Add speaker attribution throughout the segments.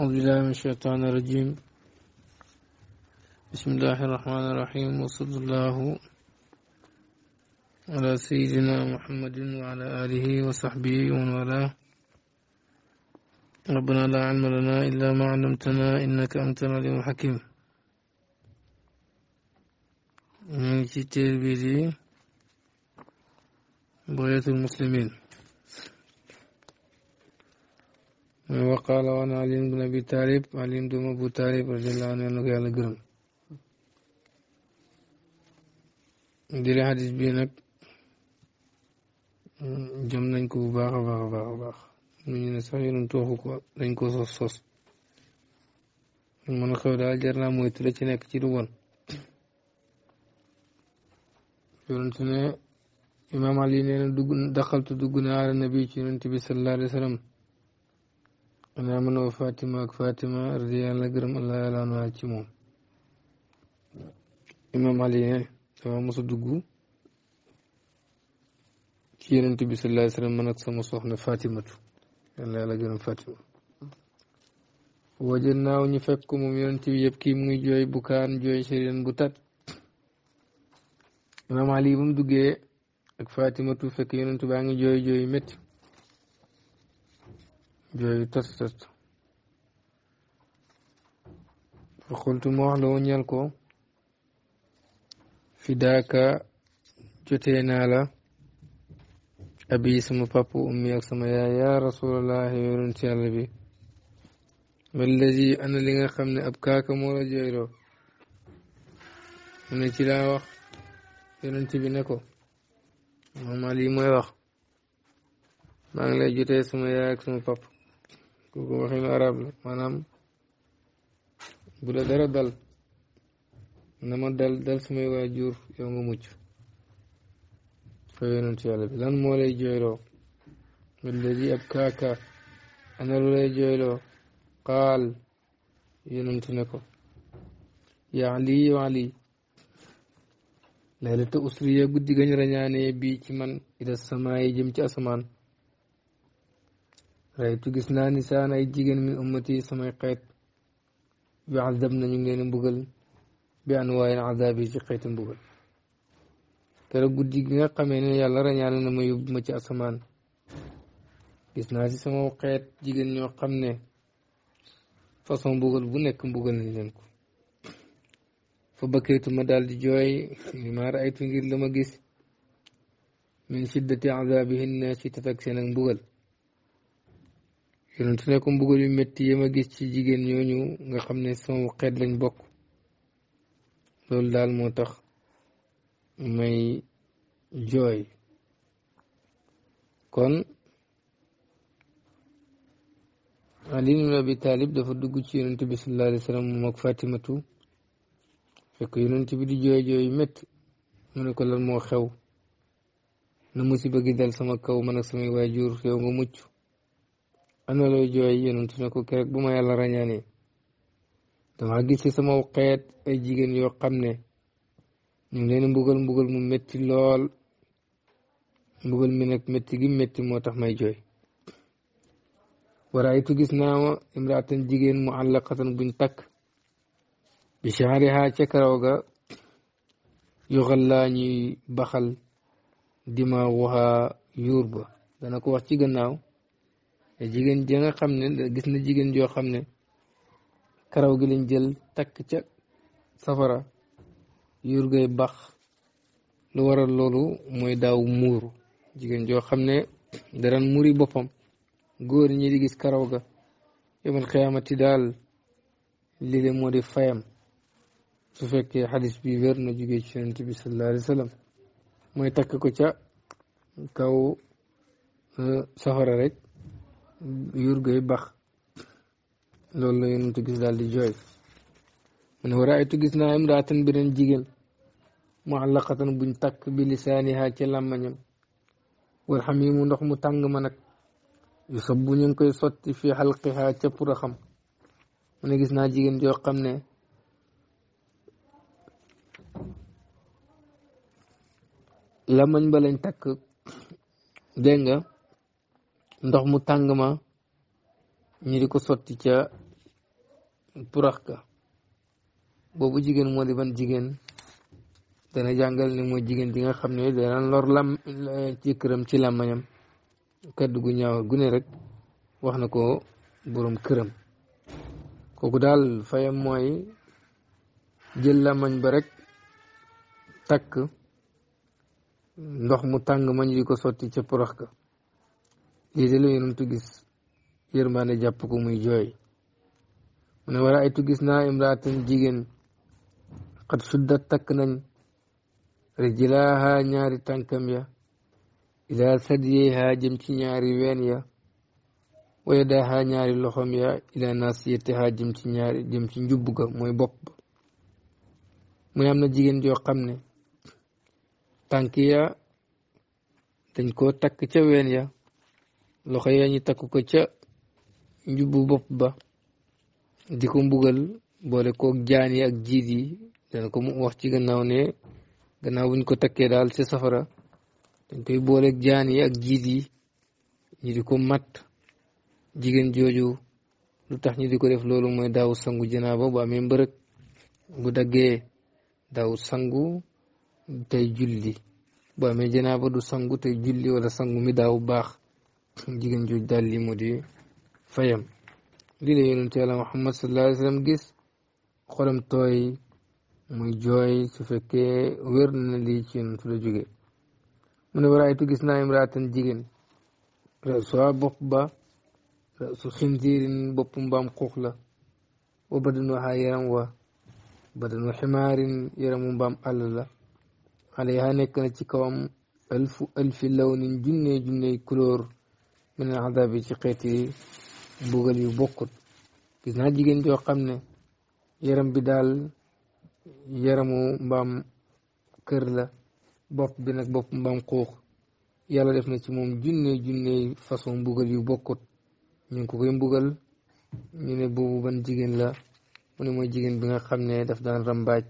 Speaker 1: أعوذ بالله من الشيطان الرجيم بسم الله الرحمن الرحيم وصلى الله على سيدنا محمد وعلى آله وصحبه ومن والاه ربنا لا علم لنا إلا ما علمتنا إنك أنت العليم الحكيم من كتاب بغية المسلمين وقال وانا علي بن ابي طالب علي بن ابو طالب رضي الله عنه يالنا yàlla gërëm jële xadis bi jëm nañ ko bu baax a baax mu ñu ne sax yoonu tooxu ko dañ sos sos mën xew daal jar naa moytu la ci nekk ci du bon yonent imaam Ali nee na dugg daxaltu dugg naa ala nabi ci yonent bi sallallahu alayhi wa sallam ana mën a Fatima ak Fatima radi yàlla gërëm allah yàlla na ci moom imam ali ne dama mos a dugg ci yenent bi sallallahu alayhi wasallam man ak soxna Fatimatu yàlla gërëm Fatima waje naaw ñu fekk mu ngi jooy bu kaan jooy sëriñ bu tat imam ali ba duggee ak Fatimatu fekk yenentu baa ngi jooy jooy métti فقلت ما لو نيالكو في داكا جتينا لا أبي سمو بابو أمي أقسم يا يا رسول الله يورن تيالبي ما الذي أنا لين خمن أبكاك مولا جيرو من تلا وخ يورن تي بينكو ما مالي ما وخ ما نلا جتة سمو يا أقسم بابو kooku waxinu arab la maanaam bu la dara dal na dal dal sumay waajur yow nga mucc fa yonent yàlla bi lan moo lay jooyloo alladi ab kaaka ana lu lay jooyloo qaal yonent ne ko yaa ali laylata usriya guddi gañ rañaanee man ila samaay jëm asamaan raytu gis naa nisaan ay jigéen min ummati samay xeet yu azab nañu ngeen mbugal bi anwaayil azab yi ci xeeti mbugal keroog guddi gi nga xamee ne yàlla na ma yóbbu ma ci asamaan gis naa ci sama xeet jigéen ñoo xam ne façon mbugal bu nekk mbugal nañ leen ko fa bakkaytu ma daal di jooy li ma raaytu ngir la ma gis min shiddati azabihinna ci tatak seen ak mbugal yonent ne yu métti yi ma gis ci jigéen ñooñu nga xam ne sama xeet lañ bokk loolu daal moo tax may jooy kon Ali ibn Abi Talib dafa dugg ci yonent bi sallallahu alayhi wa sallam moom ak Fatimatu fekk jooy jooy yu métti mu ne ko lan moo xew na musiba gi dal sama kaw man ak samay waajur yow nga mucc ana looy jooy yonent ne ko keroog bu ma yàlla rañaanee dama gis ci sama xeet ay jigéen yoo xam ne ñu ngi leen mbugal mbugal mu métti lool mbugal mi nag métti gi métti moo tax may jooy waraytu gis naa ma imraatan jigéen mu àllaqatan buñ takk bi chaariha ca karaw ga yoxal laa ñuy baxal dimaawaxaa yuur ba dana ko wax ci gannaaw jigéen ji nga xam ne gis na jigéen joo xam ne karaw gi lañ jël takk ca safara yurgay bax lu waral loolu mooy daw muuru jigéen joo xam ne daran muri boppam góor ñi di gis karaw ga yomal xiyaamati daal lile moo di fayam su fekkee xadis bi wér na jógee ci yonent bi sallallahu alayhi wa sallam mooy takk ko ca kaw euh, safara rek yurgay bax loolu la yonentu gis daal di jooy mu ne waraaytu gis naa imraatan beneen jigéen muallaqatan buñ takk bi lisaaniha ci làmmañam wal xamiimu ndox mu tàng ma nag yu sab bu koy sotti fi xalqiha ca pour a xam mu ne gis naa jigéen joo xam ne làmmañ ba lañ takk dégg nga ndox mu tang ma ñi di ko sotti ca purax ka boobu jigéen moo di ban jigéen dana jàngal ni mooy jigéen di nga xam ne dana lor lam ci këram ci làmmañam kaddu gu ñaaw gu ne rek wax na ko borom këram kooku daal fayam mooy jël làmmañ ba rek takk ndox mu tàng ma ñu di ko sotti ca purax ka lii de la yonentu gis yërmande jàpp ko muy jooy mu ne ay tu gis naa imraatan jigéen xat sudda takk nañ rijilaaha ñaari tànkam ya ilaa sadyeeha jëm ci ñaari ween ya waya daaha ñaari loxom ya ilaa naasiyeteha jëm ci ñaari jëm ci njubb ga mooy bopp ba mu am na jigéen joo xam ne tànk ya dañ ko takk ca ween ya loxo yee ñu takk ko ca njubbu bopp ba di ko mbugal boole koog jaan yi ak jiit yi dana ko mu wax ci gannaaw ne gannaaw buñ ko takkee daal ci safara dañ koy boole jaan yi ak jiit yi ñu di ko mat jigéen jooju lu tax ñu di ko def loolu mooy daaw sangu janaaba bu amee mbërëg bu daggee daaw sangu tey julli bu amee janaaba du sangu tey julli wala sangu mi daaw baax jigéen jooju daal lii moo di fayam lii la yonent Yàlla Muhammad sallallahu alayhi gis xolam tooy muy jooy su fekkee na lii ci yonent la jóge mu gis naa imraatan jigéen rasu bopp ba rasu xinziirin bopp mbaam xuux la wa yaram wa badanu ximaarin yaramu mbaam àll la alayha nekk na ci kawam alfu alfi lawnin junne junne couleur min al adab ci xeeti bugal yu bokkut gis naa jigéen joo xam ne yaram bi daal yaramu mbaam kër la bopp bi nag bopp mbaam xuux yàlla def na ci moom junne junne façon mbugal yu bokkut ñu ko koy mbugal ñu ne boobu ban jigéen la mu mooy jigéen bi nga xam ne daf daan rambaaj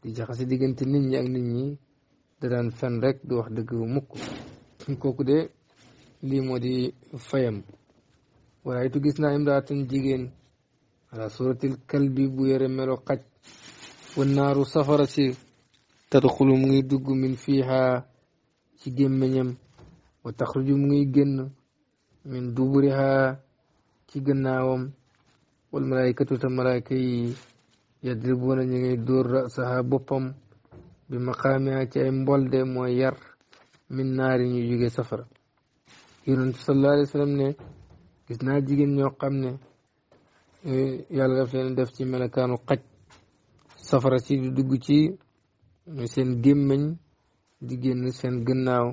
Speaker 1: di jaxase diggante nit ñi ak nit ñi da fen rek du wax dëgg mukk kooku de lii moo di fayam waraytu gis naa imraatan jigéen ala suratil kalbi bu yore melo xaj wannaaru safara si tadxulu mu ngi dugg min fiiha ci gémmiñam wa taxruju mu ngi génn min duburiha ci gannaawam wal malaykatu te malayka yi yadribuuna ñu ngay dóor rasaha boppam bi maqaamiha ci ay mbolde mooy yar min naari ñu jóge safara yonent sallallahu alayhi wa sallam ne gis naa jigéen ñoo xam ne e, yàlla daf def ci melokaanu xaj safara ci di dugg ci seen gémmiñ jigéen seen gannaaw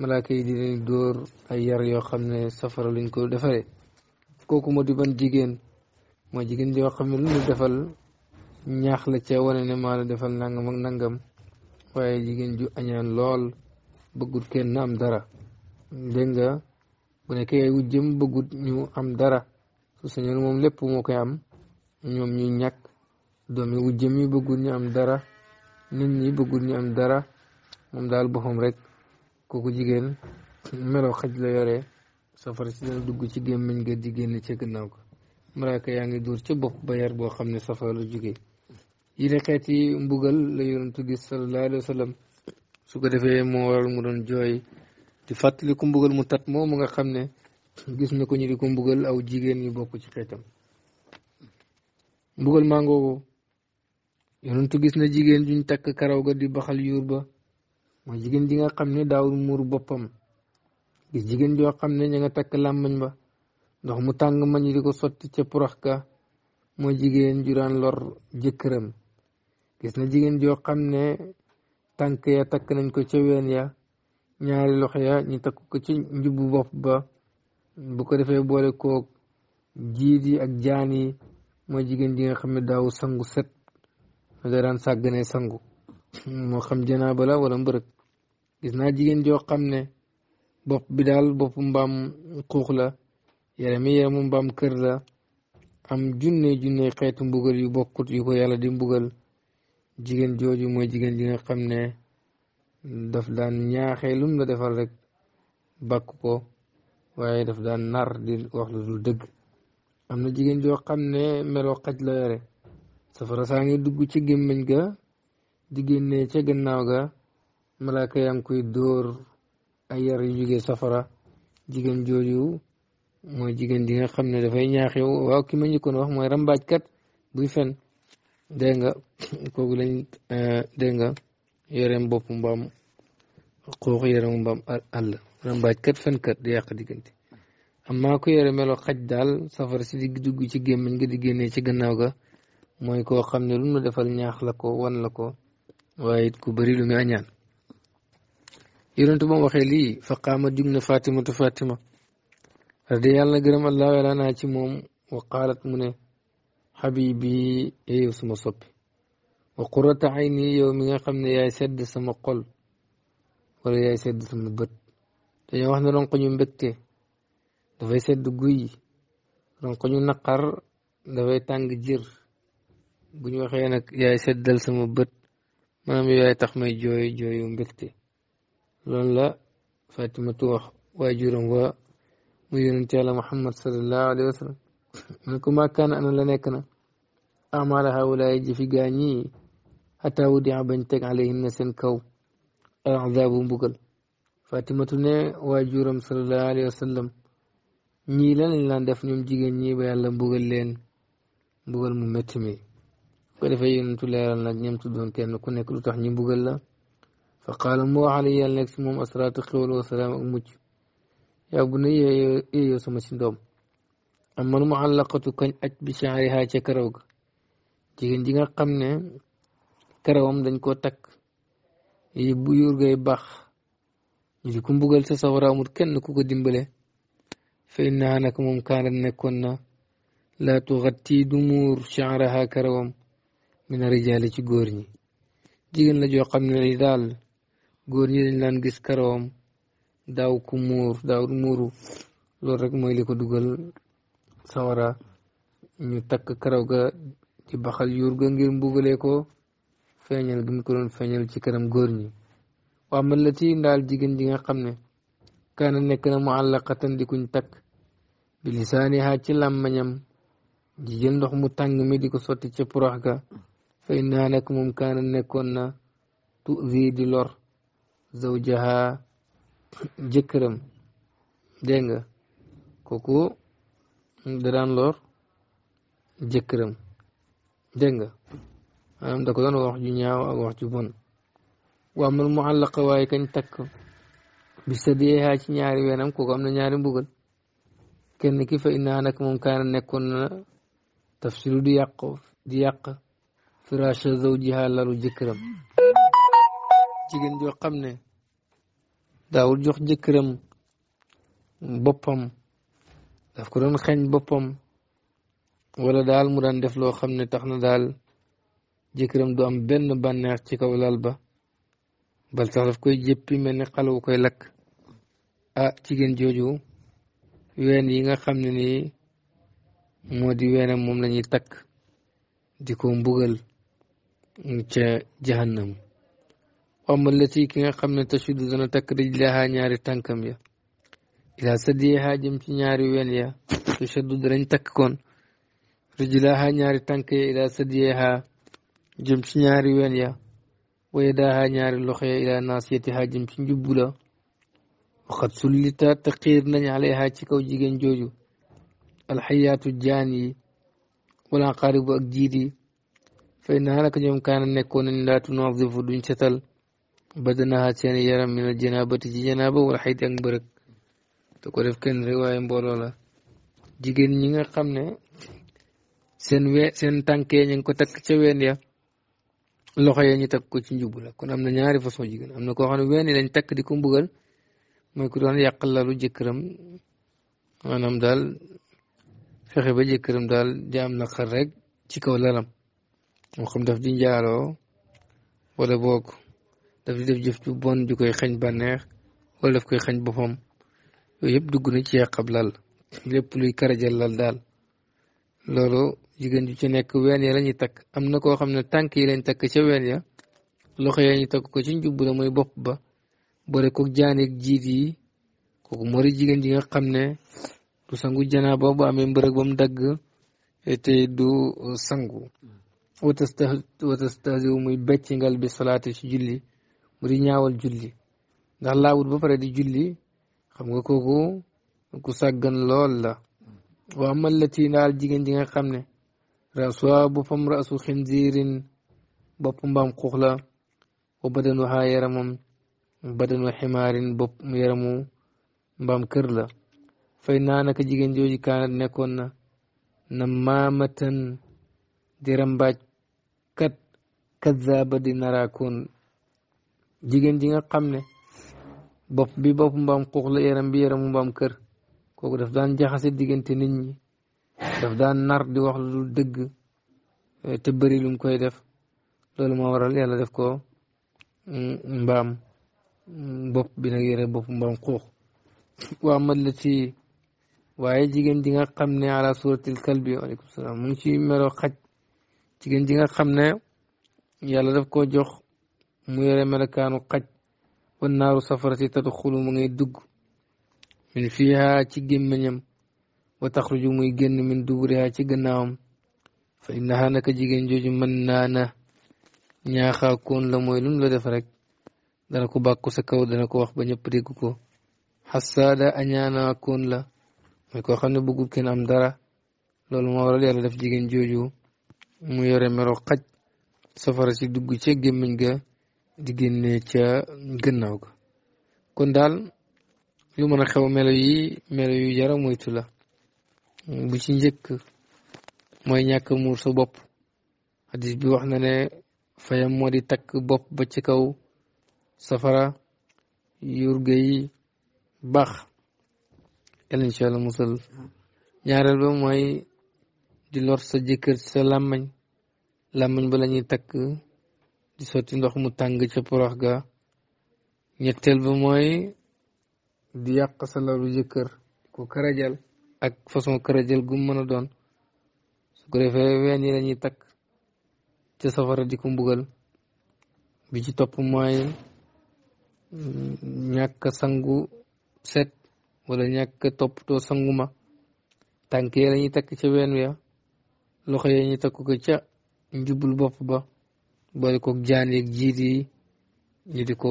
Speaker 1: malaaka yi di leen dóor ay yar yoo xam ne safara lañ ko defaree kooku moo di ban jigéen moo jigéen di yoo xam ne lu ñu defal ñaax la ca wane ne maa la defal nangam ak nangam waaye jigéen ju añaan lool bëggul kenn am dara dégg nga bu nekkee wujjëm bëggut ñu am dara su sañoon moom lépp moo koy am ñoom ñu ñakk doomi wujjëm yi bëggut ñu am dara nit ñi bëggut ñu am dara moom daal boppam rek kooku jigéen meloo xaj la yore safara si dana dugg ci gémmiñ ga di génn ca gannaaw ko maraaka yaa ngi dóor ci bopp ba yar boo xam ne safara la jógee yi ne xeeti mbugal la yonentu gis sallallahu alayhi wa su ko defee moo waral mu doon jooy di fàttali ku mbugal mu tat momu nga xamne ne gis na ko ñi di ko mbugal aw jigen yu bokku ci xetam mbugal maa ngoogu yonentu gis na jigen juñ tak karaw ga di baxal yuur ba mo jigen di nga xamne ne daawul muur boppam gis jigéen joo ne ña ba ndox mu tang mañ di ko sotti ci porox ka mo jigen ju lor jëkkëram gis na jigen jo xamne ne ya tak nañ ko ci ya ñaari loxo ya ñu takk ko ci njubbu bopp ba bu ko defee boole kook jiit yi ak jaan yi mooy jigéen ji nga xam ne daaw sangu set mu da daan sàgganee sangu moo xam janaaba bala wala mbërëg gis naa jigéen joo xam ne bopp bi daal boppu mbaam xuux la yaram yi yaramu mbaam kër la am junne junne xeetu mbugal yu bokkut yu ko yàlla di mbugal jigéen jooju mooy jigéen ji nga xam ne daf daan ñaaxee lum la defal rek bàkk ko waaye daf daan nar di wax lu dul dëgg am na jigéen joo xam ne meloo xaj la yore safara saa ngi dugg ci gémmiñ ga di génne ca gannaaw ga malaaka yaa ngi koy dóor ay yar yu jugee safara jigéen jooju mooy jigéen di nga xam ne dafay ñaaxe waaw ki ma njëkkoon wax mooy rambaajkat buy fen dégg nga kooku lañ eh, dégg yaram boppu mbaam xuux yaramu mbaam àll rambaajkat fenkat di yàq diggante amaa ku yore melo xaj daal safara si di dugg ci gémmiñ nga di génnee ci gannaaw ga mooy koo xam ne lu mu defal ñaax la ko wan la ko waaye ku bari lu mu añaan yonentu ba mu waxee lii fa qaama jug na fatimatu fatima radi yàlla gërëm allah wala naa ci moom wa qaalat mu ne xabibi suma soppi wa qurata ayni yow mi nga xam ne yaay sedd sama xol wala yaay sedd sama bët dañoo wax ne ronkoñu mbégte dafay sedd guy ronkoñu naqar dafay tàng jër bu ñu waxee nag yaay seddal sama bët maanaam tax may jooy jooyu mbégte loolu la Fatimatu wax waajuram wa mu yonent yàlla Muhammad sallallahu alayhi wa man ko maa kaana ana la nekk na amala haulaay jëfi gaa xataa wu dia bañ alayhinna seen kaw al azabu mbugal fatimatu ne waajuram salallahu alayhi wa sallam ñii lan lañ laan def ñoom jigéen ñi ba mbugal leen mbugal mu métti mi ko defee yonentu leeral nag ñoom ku nekk lu tax ñi mbugal la fa qaala mu wax ala yàlla nekk si asraatu xéwal wa salaam ak mucc yaa bu ne yeeyoo sama si mu àllaqatu kañ aj bi chaariha ca karaw ga jigéen ji karawam dañ koo takk yi bu yuur baax ñu di ko mbugal sa sawara amul kenn ku ko dimbale fay naa nag moom kaanat nekkoon na laa tuxatti du muur chaaraha karawam mina rijaali ci góor ñi jigéen la joo xam ne li daal góor ñi dañ laan gis karawam daw ku muur daaw muuru loolu rek mooy li ko dugal sawara ñu takk karaw ga ci baxal yuur ngir mbugalee ko feeñal gi mu ko doon feeñal ci kanam góor ñi waa man la ci ndaal jigéen ji nga xam ne kaana nekk na mu àllaqatan di kuñ takk bi lisaaniha ci làmmañam di jël ndox mu tàng mi di ko sotti ci porox ga fay naa nekk moom kaana nekkoon na tu vi di lor zawjaha jëkkëram dégg nga kooku da daan lor jëkkëram dégg أم دكتور وروح جنياو أو روح جبون وأما المعلقة وهي كن تك بسديها هاي نياري وينام كوكام نياري بوغل كن كيف إن أنا كمون كان نكون تفسير دياق دياق فراش زوجها الله جكرم جيجن جو قمنا داور جو جكرم بوبم دافكرون خن بوبم ولا دال مران دفلو خمنا تخنا دال jëkkëram du am benn bànneex ci kaw lal ba bal sax daf koy jëppi mel ni xalawu koy lakk ah jigéen jooju ween yi nga xam ne nii moo di weenam moom la takk di ko bugal ca jahannam wamal la ci ki nga xam ne tasudu dana takk rijlaha ñaari tànkam ya ilaa sadiha jëm ci ñaari ween ya tasudu danañ takk koon rijlaha ñaari tànk ya ilaa sadiha jëm ci ñaari ween ya waaye daaxaa ñaari loxo ya ilaa naasiyatiha jëm ci njubbu la waxat sullita te nañ alayha ci kaw jigéen jooju alxayaatu jaan yi wala xaaribu ak jiit yi fay naa naka ñoom kaana nekkoon nañ laatu nadifu duñ setal badanaha seen yaram min al janaabati ci janaaba wala xayt ak mbërëg te ko def kenn rek waaye mbooloo la jigéen ñi nga xam ne seen we seen tànkee ñu ngi ko takk ween ya loxo yee ñu takk ko ci njubu la kon am na ñaari façon jigéen am na koo xam ne wenn lañ takk di ko mbugal mooy ku doon yàq lalu jëkkëram maanaam daal fexe ba jëkkëram daal di am naqar rek ci kaw lalam moo xam daf di njaaloo wala boog daf di def jëf ju bon ju koy xañ bànneex wala daf koy xañ boppam yooyu yëpp dugg na ci yàqab lal lépp luy karajal lal daal loolu jigéen ju ci nekk ween ya la takk am na koo xam ne tànk yi lañ takk ca ween ya loxo ya ñu takk ko ci njubbu la mooy bopp ba boole ko jaaneeg jiit yi kooku moo di jigéen ji nga xam ne du sangu janaa ba bu dagg te du sangu watasta ci julli mu di ñaawal julli ndax laawut ba pare di julli xam nga kooku ku sàggan lool la waa man la ci ndaal jigéen ji nga xam ne rasuwa boppam rasu xinziirin bopp mbaam xuux la wa badanu xaa yaramam badanu ximaarin bopp yaramu mbaam kër la fay naa naka jigéen jooju kaanat nekkoon na na maamatan di rambaaj kat kazaaba di naraakoon jigéen ji nga xam ne bopp bi bopp mbaam xuux la yaram bi yaramu mbaam kër kooku daf daan jaxase diggante nit ñi daf daan nar di wax lu dëgg te bëri lu mu koy def loolu moo waral yàlla def ko mbaam bopp bi nag yore bopp mbaam xuux waa mat la ci waaye jigéen ji nga xam ne ala suratil kalbi aleykum salaam mu ngi ci melo xaj jigéen ji nga xam ne yàlla daf ko jox mu yore melokaanu xaj wan naaru safarati tadxulu mu ngay dugg min fiha ci gémmiñam wa taxruju muy génn min duburiha ci gannaawam fa innaha naka jigéen jooju mën naa na ñaaxaa koon la mooy lum la def rek dana ko bàkku sa kaw dana ko wax ba ñëpp dégg ko xasaada añaanaa koon la mooy koo xam ne bëggul kenn am dara loolu moo waral yàlla def jigéen jooju mu yore mero xaj safara si dugg ci gémmiñ ga di génne ca gannaaw ga kon daal lu mën a xew melo yi melo yu jara moytu la bu ci njëkk mooy ñàkk muur sa bopp hadis bi wax na ne fayam moo di takk bopp ba ci kaw safara yurga yi baax yàlla incha allah musal ñaareel ba mooy di lor sa jëkkër sa làmmañ làmmañ ba lañuy takk di sotti ndox mu tàng ca porox ga ñetteel ba mooy di yàq sa lalu jëkkër ko kërëjal ak façon kërëjal gu mu mën a doon su ko defee ween yi lañuy takk ca safara di ko mbugal bi ci topp mooy ñàkk sangu set wala ñàkk toppatoo sangu ma tànk yi lañuy takk ca wen wi loxo yi ñu takk ko ca njubul bopp ba boole koog jaan yeeg jiit yi ñu di ko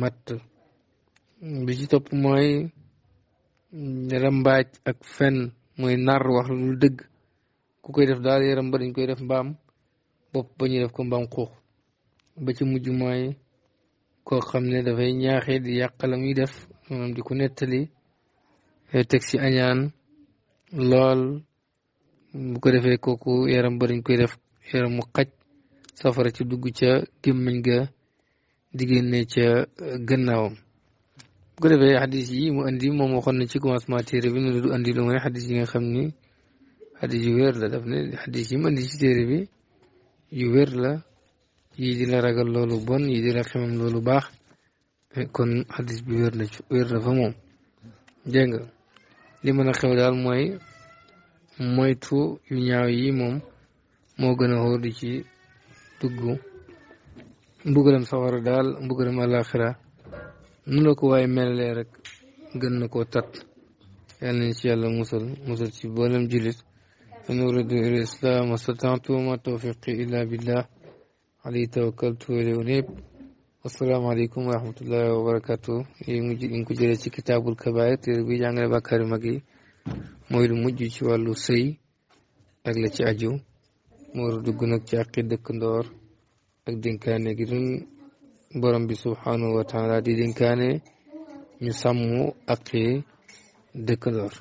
Speaker 1: matt bi ci topp mooy rambaaj ak fen mooy nar wax lu dëgg ku koy def daal yaram ba koy def mbaam bopp ba ñu def ko mbaam xuux ba ci mujj mooy koo xam ne dafay ñaaxee di yàqala muy def maanaam di ko nettali teg ci añaan lool bu ko defee kooku yaram ba koy def yaram mu xaj safara ci dugg ca gémmiñ ga diggéen ne ca gannaawam bu ko defee xadis yi andi moom waxoon na ci commencement téere bi ne du andi lu mooy xadis yi nga xam ni xadis yu wér la daf ne xadis yi mu andi ci téere bi yu wér la yii di la ragal loolu bon yii di la xemam loolu baax kon xadis bi wér na ci fa moom dégg nga li mën a xew daal mooy moytu yu ñaaw yi moom moo gën a xóor di ci dugg mbugalam sawara daal mbugalam àllaaxira nu la ko waaye melalee rek gën na koo tat yàlla ci yàlla musal musal ci boolem jullit in uridu ila islam astata'tu ma tawfiqi illa billah alayhi tawakkaltu wa ilayhi unib assalaamu aleykum wa rahmatullahi wa barakatu yi mujj ñu ko jëlee ci kitaabul kabair téere bi jàngale bàkkaari mag yi mooy mujj ci wàllu sëy ak ci aju moo dugg ci àqi dëkk ndoor ak dénkaane borom bi subhanahu wa taala ñu sàmm aqi dëkkandoor